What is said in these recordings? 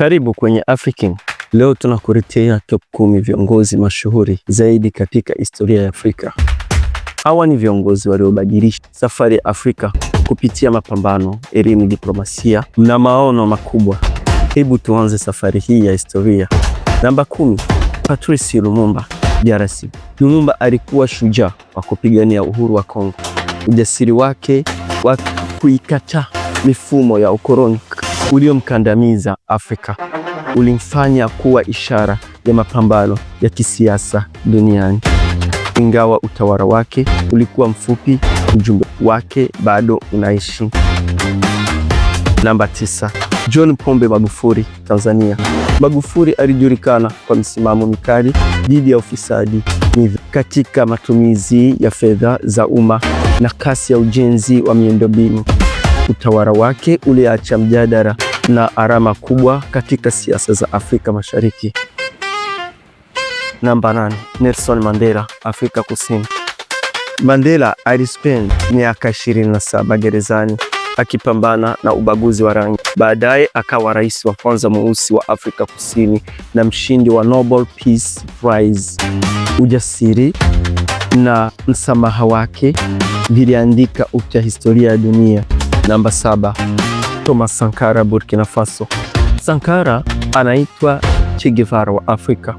Karibu kwenye African. Leo tunakuletea top 10 viongozi mashuhuri zaidi katika historia ya Afrika. Hawa ni viongozi waliobadilisha safari ya Afrika kupitia mapambano, elimu, diplomasia na maono makubwa. Hebu tuanze safari hii ya historia. Namba kumi, Patrice Lumumba DRC. Lumumba alikuwa shujaa wa kupigania uhuru wa Kongo. Ujasiri wake wa kuikataa mifumo ya ukoloni uliomkandamiza Afrika ulimfanya kuwa ishara ya mapambano ya kisiasa duniani. Ingawa utawala wake ulikuwa mfupi, ujumbe wake bado unaishi. Namba tisa. John Pombe Magufuli, Tanzania. Magufuli alijulikana kwa msimamo mikali dhidi ya ufisadi katika matumizi ya fedha za umma na kasi ya ujenzi wa miundombinu. Utawala wake uliacha mjadala na alama kubwa katika siasa za Afrika Mashariki. Namba 8. Nelson Mandela, Afrika Kusini. Mandela alispend miaka 27 gerezani akipambana na ubaguzi wa rangi. Baadaye akawa rais wa kwanza mweusi wa Afrika Kusini na mshindi wa Nobel Peace Prize. Ujasiri na msamaha wake viliandika upya historia ya dunia. Namba saba, Thomas Sankara, Burkina Faso. Sankara anaitwa Che Guevara wa Afrika.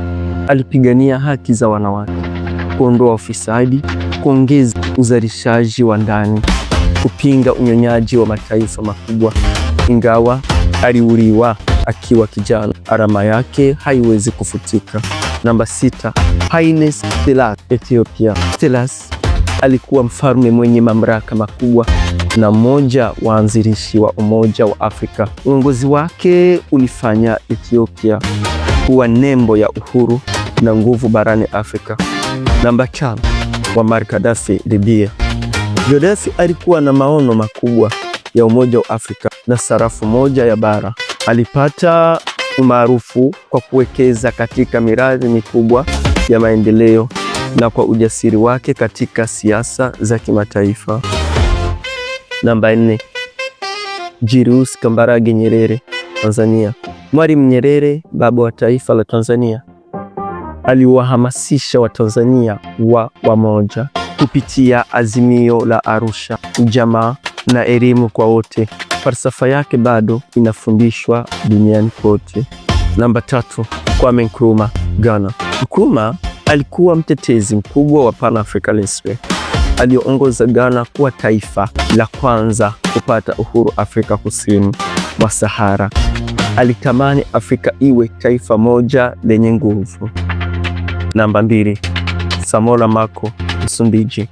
Alipigania haki za wanawake, kuondoa ufisadi, kuongeza uzalishaji wa ndani, kupinga unyonyaji wa mataifa makubwa. Ingawa aliuliwa akiwa kijana, alama yake haiwezi kufutika. Namba sita, Haines Selassie, Ethiopia. Selassie alikuwa mfalme mwenye mamlaka makubwa na mmoja waanzilishi wa Umoja wa Afrika. Uongozi wake ulifanya Ethiopia kuwa nembo ya uhuru na nguvu barani Afrika. Namba tano, Muammar Gaddafi, Libya. Gaddafi alikuwa na maono makubwa ya Umoja wa Afrika na sarafu moja ya bara. Alipata umaarufu kwa kuwekeza katika miradi mikubwa ya maendeleo na kwa ujasiri wake katika siasa za kimataifa. Namba 4. Julius Kambarage Nyerere, Tanzania. Mwalimu Nyerere, baba wa taifa la Tanzania, aliwahamasisha Watanzania wa wamoja kupitia Azimio la Arusha, ujamaa na elimu kwa wote. Falsafa yake bado inafundishwa duniani kote. Namba tatu. Kwame Nkrumah, Ghana. Nkrumah Alikuwa mtetezi mkubwa wa Pan Africanism aliyoongoza Ghana kuwa taifa la kwanza kupata uhuru Afrika Kusini mwa Sahara. Alitamani Afrika iwe taifa moja lenye nguvu. Namba mbili, Samora Mako, Msumbiji.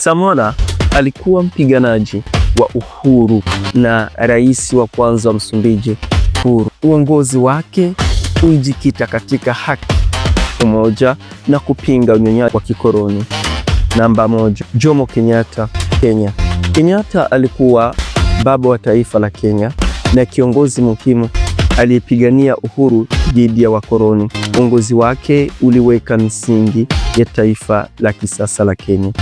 Samora alikuwa mpiganaji wa uhuru na rais wa kwanza wa Msumbiji huru. Uongozi wake ulijikita katika haki umoja na kupinga unyonyaji wa kikoloni. Namba moja, Jomo Kenyatta, Kenya. Kenyatta alikuwa baba wa taifa la Kenya na kiongozi muhimu aliyepigania uhuru dhidi ya wakoloni. Uongozi wake uliweka msingi ya taifa la kisasa la Kenya,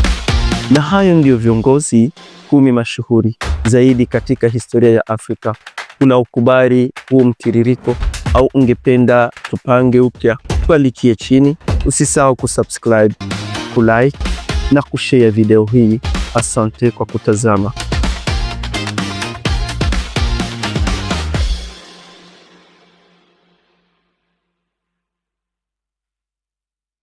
na hayo ndiyo viongozi kumi mashuhuri zaidi katika historia ya Afrika. Unaukubali huu mtiririko? au ungependa tupange upya, tualikie chini. Usisahau kusubscribe, kulike na kushare video hii. Asante kwa kutazama.